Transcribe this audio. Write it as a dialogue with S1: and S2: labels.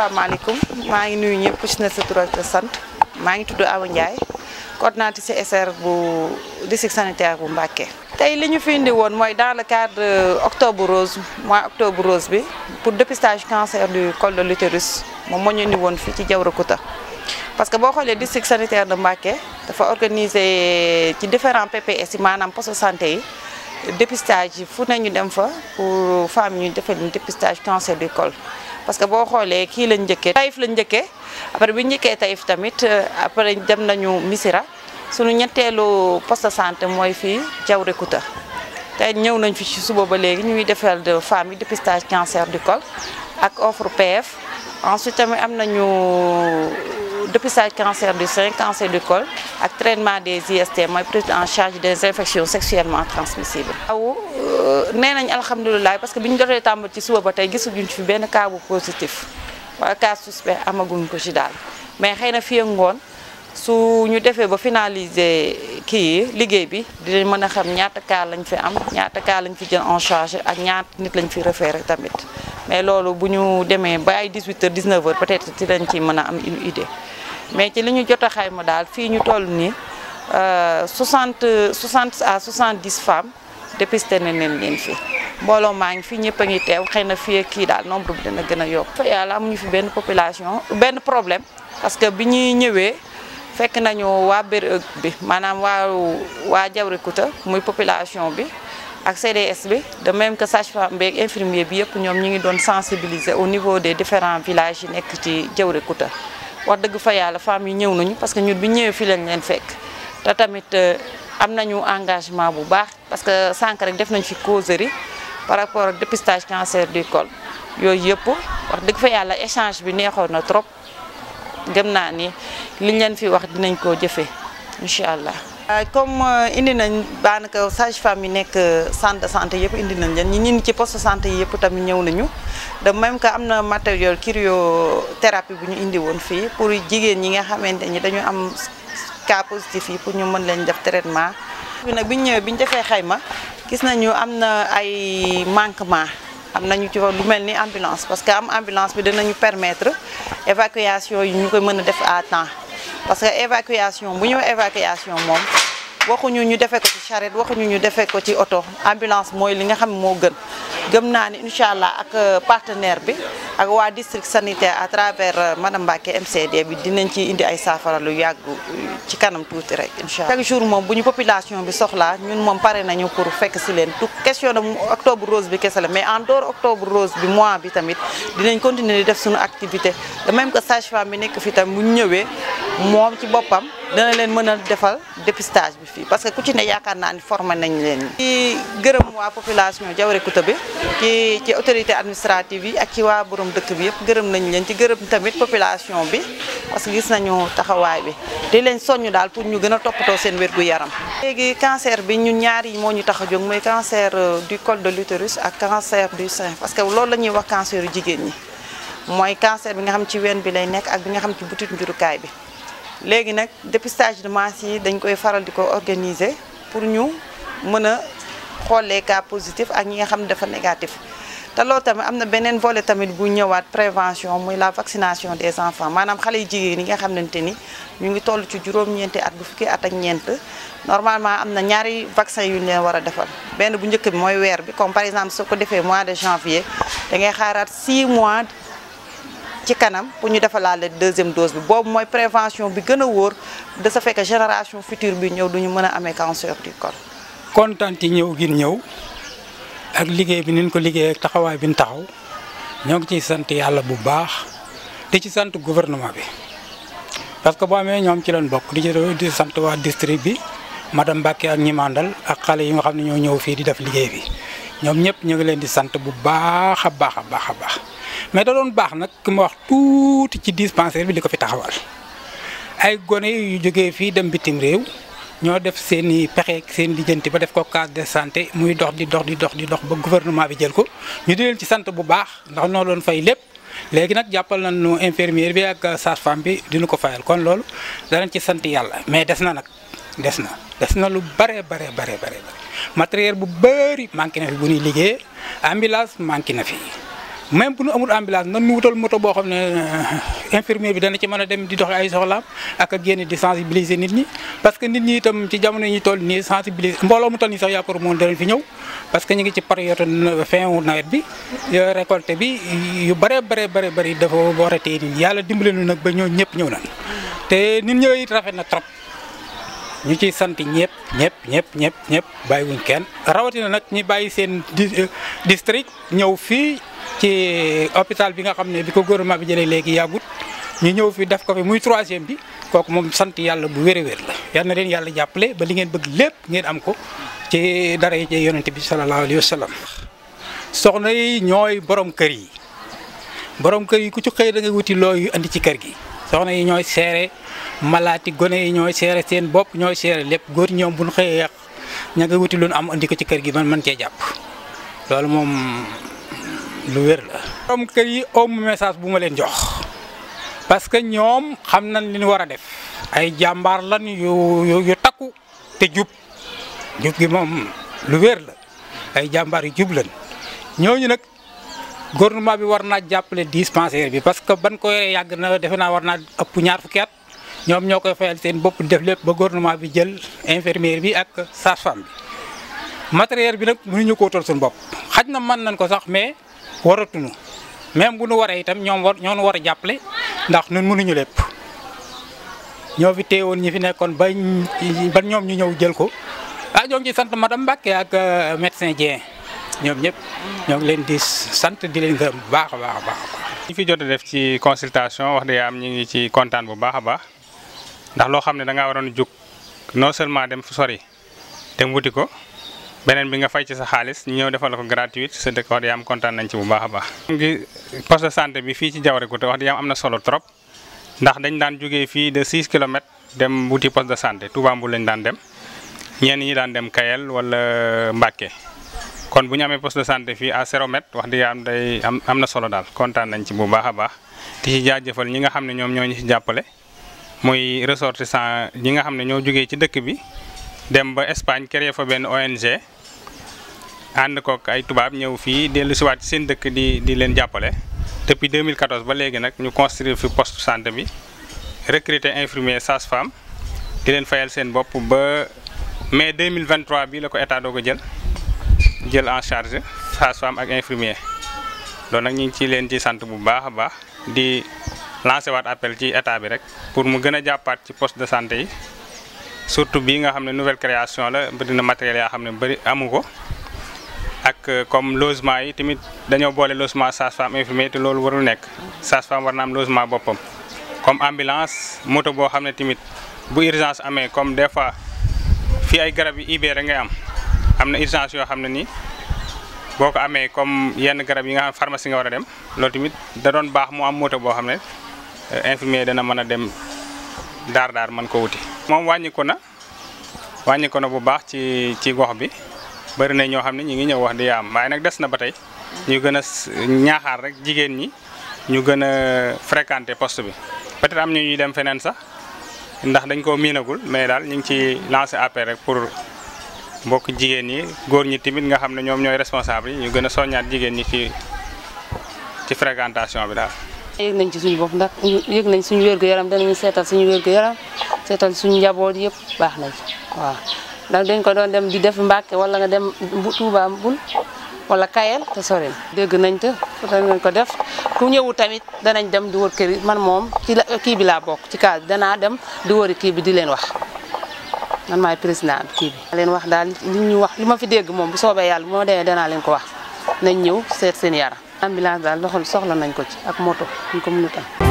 S1: asalaamaaleykum maa ngi nuyu ñëpp ci na sa tur ak sant maa ngi tudd Awa Ndiaye coordinatrice SR bu district sanitaire bu Mbacké. tey li ñu fi indi woon mooy dans le cadre euh, octobre rose mois octobre rose bi pour dépistage cancer du col de l'utérus moom moo ñu woon fii ci Diawrakuta parce que boo xoolee district sanitaire de Mbacké dafa organiser ci différents PPS yi maanaam poste santé yi. dépistage yi fu ne ñu dem fa pour femme ñu defal dépistage cancer du col parce que boo xoolee kii lañ njëkkee Taïf lañ njëkkee après bi njëkkee Taïf tamit euh, après dem nañu Missira sunu ñetteelu poste de santé mooy fii Diaourékouta te ñëw nañ fi ci suba ba léegi ñuy defal de femmes yi dépistage cancer du col ak offre PF ensuite tamit am nañu dépistage cancer du sein cancer du col ak traitement des IST mooy prise en charge des infections sexuellement transmissibles. aw euh, nee nañ alhamdulilah parce que bi ñu jotee tàmbal ci suba ba tey gisaguñ fi benn cas bu positif wala cas suspect amaguñ ko ci daal mais xëy na fii ngoon su ñu defee ba finaliser kii liggéey bi dinañ mën a xam ñaata cas lañ fi am ñaata cas lañ fi jël en charge ak ñaata nit lañ fi référé tamit mais loolu bu ñu demee ba ay 18 heures 19 heures peut-être ci lañ ci mën a am une mais ci li ñu jot xayma daal fii ñu toll nii 60 60 à 70 femmes dépisté nañ leen leen fii mbooloo maa ngi fi ñëpp a ngi teew xëy na fii kii daal nombre bi dina gën a yokk. fa yàlla amuñu fi benn population benn problème parce que bi ñuy ñëwee fekk nañu waa béréb bi maanaam waa waa Diawrékouta muy population bi. ak CDS bi de même que sage-femme beeg infirmier bi yëpp ñoom ñu ngi doon sensibiliser au niveau des différents villages yi nekk ci Diawrékouta wax dëgg fa yàlla femmes yi ñëw nañu parce que ñun bi ñëwee fii lañ leen fekk te tamit euh, am nañu engagement bu baax parce que sànq rek def nañ fi causerie par rapport ak dépistage cancer du col yooyu yëpp wax dëgg fa yàlla échange bi neexoon na trop gëm naa ni liñ leen fi wax dinañ koo jëfee incha allah. Euh, comme euh, indi nañ daanaka sage-femme yi nekk euh, centre de santé yëpp indi nañ leen ñi ñun ci poste santé yi yëpp tamit ñëw nañu de même que am na matériel cryothérapie bu ñu indi woon fii pour jigéen ñi nga xamante ni dañu am cas positif yi pour ñu mën leen def traitement. bi nag bi ñu ñëwee bi ñu defee xayma gis nañu am na ay manquement am nañu ci lu mel ni ambulance parce que am ambulance bi dinañu permettre évacuation yu ñu koy mën a def à temps parce que évacuation bu ñu évacuation moom. waxuñu ñu defee ko ci charrette waxuñu ñu defee ko ci oto ambulance mooy li nga xam moo gën gëm naa ni incha allah ak euh, partenaire bi ak waa district sanitaire à travers euh, madame Mbacke MCD bi dinañ ci indi ay saafara lu yàgg euh, ci kanam tuuti rek incha allah chaque jour moom bu ñu population bi soxla ñun moom pare nañu pour fekk si leen tout question de octobre rose bi kese la mais en dehors octobre rose bi mois bi tamit dinañ continuer di def suñu activité de même que sage bi nekk fi tam bu ñëwee moom ci boppam. dana leen mën a defal dépistage bi fii parce que ku ci ne yaakaar naa ni formé nañ leen ci gërëm waa population Diawrékouta bi ci ci autorité administrative yi ak ci waa borom dëkk bi yëpp gërëm nañ leen ci gërëm tamit population bi parce que gis nañu taxawaay bi di leen soñ daal pour ñu gën a toppatoo seen wérgu yaram léegi cancer bi ñu ñaar yi moo ñu tax a jóg mooy cancer euh, du cole de l'utérus ak cancer du sein parce que loolu la ñuy wax cancer jigéen ñi mooy cancer bi nga xam ci ween bi lay nekk ak bi nga xam ci butit njurukaay bi léegi nag dépistage de masse yi dañ koy faral di ko organiser pour ñu mën a xoolee cas positif ak ñi nga xam ne dafa négatif te loolu tamit am na beneen volet tamit bu ñëwaat prévention muy la vaccination des enfants maanaam xale yi jigéen yi nga xamante ni ñu ngi toll ci juróom-ñeenti at bu fukki at ak ñeent normalement am na ñaari vaccin yu ñu leen war a defal benn bu njëkk bi mooy weer bi comme par exemple soo ko defee mois de janvier da xaaraat 6 mois ci kanam pour ñu defalaale deuxième dose bi boobu mooy prévention bi gën a wóor de fekk génération future bi ñëw duñu mën a amee cancer du col.
S2: kontaan ci ñëw giin ñëw ak liggéey bi niñ ko liggéey ak taxawaay bi ñu taxaw ñoo ngi ciy sant yàlla bu baax di ci sant gouvernement bi parce que boo amee ñoom ci leen bokk di ci di sant waa district bi ma madame Mbacke ak ñi mandal ak xale yi nga xam ne ñoo ñëw fii di def liggéey bi ñoom ñëpp ñu ngi leen di sant bu baax a baax a baax a baax. mais da doon baax nag ma wax tuuti ci dispensaire bi li ko fi taxawal ay gone yu jógee fii dem bitim réew ñoo def seen i pexe seen lijjanti ba def ko case de santé muy dox di dox di dox di dox ba gouvernement bi jël ko ñu di leen ci sant bu baax ndax noo doon fay lépp léegi nag jàppal nañu infirmière bi ak sage-femme bi dina ko fayal kon loolu danañ ci sant yàlla mais des na nag des na des na lu bare bare bare bare matériel bu bëri manqué na fi bu ñuy liggéey ambulance manqué na fi même bu ñu amul ambulance nan ñu wutal moto boo xam ne euh, infirmier bi dana ci mën a dem di dox ay soxlaam ak a génn di sensibiliser nit ñi parce que nit ñi itam ci jamono ñi ñu toll nii sensibiliser mbooloo mu toll nii sax yaakaar moom danañ fi ñëw parce que ñu ngi ci période fin wu nawet bi euh, récolte bi yu bare bare bare bëri dafa war a téye nit ñi yàlla dimbale nu nag ba ñoo ñëpp ñëw na te nit ñëwee it rafet na trop ñu ci sant ñëpp ñëpp ñëpp ñëpp ñëpp bàyyiwuñ kenn rawatina nag ñi bàyyi seen eh, district ñëw fii ci eh, hôpital bi nga xam ne bi ko gouvernement bi jëlee léegi yàggut ñu ñëw fi def ko fi muy troisième bi kooku moom sant yàlla bu wér a la yal na leen yàlla jàppale ba li ngeen bëgg lépp ngeen am ko ci dara yi ci yonent bi salallaahu alayhi wa sallam soxna yi ñooy borom kër yi borom kër yi ku ci xëy da wuti looyu indi ci kër gi soxna yi ñooy seere malaati gone yi ñooy seere seen bopp ñooy seere lépp góor ñoom bu ñu xëyee yàq ña nga wuti loon am andi ko ci kër gi man man cee jàpp loolu moom lu wér la. borom kër yi amu message bu ma leen jox parce que ñoom xam nañ li war a def ay jàmbaar lan yoo yu takku te jub jub gi moom lu wér la ay jàmbaar yu jub lan ñooñu nag. gouvernement bi war naa jàppale dispensaire bi parce que ban ko yoree yàgg na defe naa war naa ëpp ñaar fukki at ñoom ñoo koy fayal seen bopp def lépp ba gouvernement bi jël infermier bi ak sage bi matériel bi nag mënuñu ko wutal bopp xaj na man nañ ko sax mais waratuñu même bu nu waree itam ñoom war ñoo war a jàppale ndax ñun mënuñu lépp ñoo fi téewoon ñi fi nekkoon ba ba ñoom ñu ñëw jël ko ah ñoo ngi ci sant madame Mbacke ak euh, médecin Dieng ñoom ñëpp ñoo ngi leen di sant di leen gërëm bu baax a
S3: baax a baax. ñi fi jot a def ci consultation wax dëgg am ñu ngi ci kontaan bu baax a baax ndax loo xam ne da ngaa waroon jug non seulement dem fu sori dem wuti ko beneen bi nga fay ci sa xaalis ñu ñëw defal ko gratuite sa dëkk wax dëgg am kontaan nañ ci bu baax a baax. ngi poste de santé bi fii ci Diaw Recoute wax dëgg am na solo trop ndax dañ daan jugee fii de 6 kilomètres dem wuti poste de santé Touba Mboul lañ daan dem ñenn ñi daan dem Kayel wala Mbacke. kon bu ñu amee poste de santé fii à zéro wax dëgg am day am na solo daal kontaan nañ ci bu baax a baax di ci jaajëfal ñi nga xam ne ñoom ñoo ñu ci jàppale muy ressortissant ñi nga xam ne ñoo jógee ci dëkk bi dem ba Espagne créé fa benn ONG ànd kook ay tubaab ñëw fii dellu siwaat ci seen dëkk di di leen jàppale depuis 2014 ba léegi nag ñu construire fi poste santé bi recruter infirmier sage-femme di leen fayal seen bopp ba mai 2023 bi la ko état doo ko jël jël en charge sage-femme ak infirmier loolu nag ñu ngi ci leen ci sant bu baax a baax di lancer waat appel ci état bi rek pour mu gën a jàppaat ci poste de santé yi surtout bii nga xam ne nouvelle création la bëri na matériel yaa xam ne bëri amu ko ak euh, comme logement yi tamit dañoo boole logement sage-femme infirmier te loolu warul nekk sage-femme war na am logement boppam comme ambulance moto boo xam ne tamit bu urgence amee comme des fois fii ay garab yi rek ngay am am na urgence yoo xam ne nii boo ko amee comme yenn garab yi nga xam pharmacie nga war a dem loolu tamit da doon baax moo am moto boo xam ne euh, infirmier dana mën a dem daar daar mën ko wuti. moom wàññiku na wàññiku na bu baax ci ci gox bi bëri na ñoo xam ne ñu ngi ñëw wax di yaam waaye nag des na ba tey ñu gën a ñaaxaar rek jigéen ñi ñu gën a fréquenter poste bi. peut-être am ñuy dem feneen sax ndax dañ ko miinagul mais daal ñu ngi ci lancé appel rek pour. mbokk jigéen ñi góor ñi tamit nga xam ne ñoom ñooy responsable yi ñu gën a soññaat jigéen ñi ci ci fréquentation bi daal.
S1: yëg nañ ci suñu bopp ndax yëg nañ suñu wér yaram danañu seetal suñu wér-gu-yaram seetal suñu njaboot yëpp baax na ci waaw ndax dañ ko doon dem di def Mbàkke wala nga dem bu Tuubaa bul wala Kayel te sori dégg nañ te danañ ko def ku ñëwu tamit danañ dem di wër kër yi man moom ci la kii bi laa bokk ci kaas bi danaa dem di wëri kii bi di leen wax. man maay président bi kii bi. leen wax daal li ñu wax li ma fi dégg moom bu soobee yàlla moo ma demee danaa leen ko wax nañ ñëw seet seen yaram. ambulance daal doxal soxla nañ ko ci ak moto ñu ko mënut tam